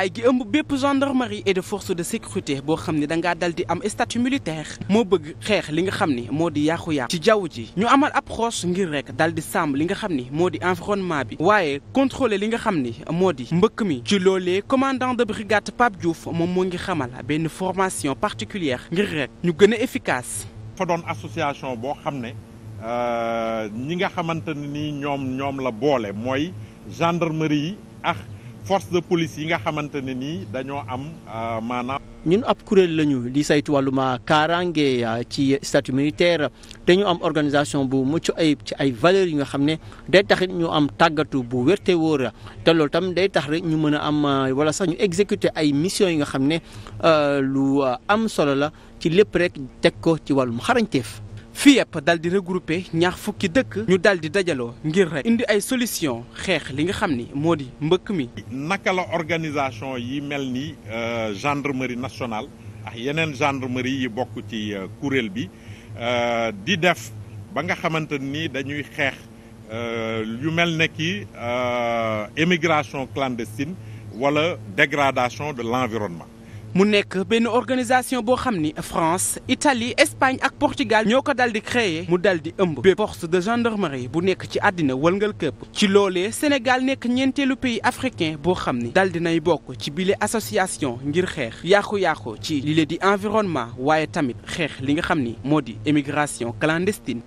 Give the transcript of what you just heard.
ay gi ëmb bépp gendarmerie et de force de sécurité boo xam ne dangaa dal di am statut militaire moo bëgg xeex li nga xam ni moo di yàqu-yàqu ci jaww ji ñu amal approche ngir rek dal di sàmm li nga xam ni moo di environnement bi waaye contrôler li nga xam ni moo di mbëkk mi ci loolee commandant de brigade Pape Diouf moom moo ngi xamal benn formation particulière ngir rek ñu gën a efficace fa doon association boo xam ne euh, ñi nga xamante ne ni ñoom ñoom la boole mooy gendarmerie yi force de police yi nga xamante ne nii dañoo am euh, maanaam. ñun ab kuréel lañu di saytu wàlluma kaaraange euh, ci statut militaire dañu am organisation bu mucc ayib ci ay valeurs yi nga xam ne day taxit ñu am tàggatu bu wér te wóor te loolu tam day tax rek ñu mën a am euh, wala sax ñu exécuter ay missions yi nga xam ne lu am solo la ci lépp rek teg ko ci wàllum xarañteef. fii yëpp dal di regroupé ñaar fukki dëkk. ñu dal di dajaloo ngir rek. indi ay solution xeex li nga xam ni moo di mbëkk mi. naka la organisation yi mel ni euh, gendarmerie nationale ak yeneen gendarmerie yi bokk ci euh, kuréel bi euh, di def ba nga xamante ni dañuy xeex yu mel ne ki émigration clandestine wala degradation de l'environnement. mu nekk benn organisation boo xam ni France Italie Espagne ak Portugal ñoo ko dal di créer mu dal di ëmb bépp force de gendarmerie bu nekk ci àddina wëlngal këpp ci loole Sénégal nekk ñeenteelu pays africain boo xam ni dal di nay bokk ci bile association ngir xeex yàqu-yàqu ci li leen di environnement waaye tamit xeex li nga xam ni moo di émigration clandestine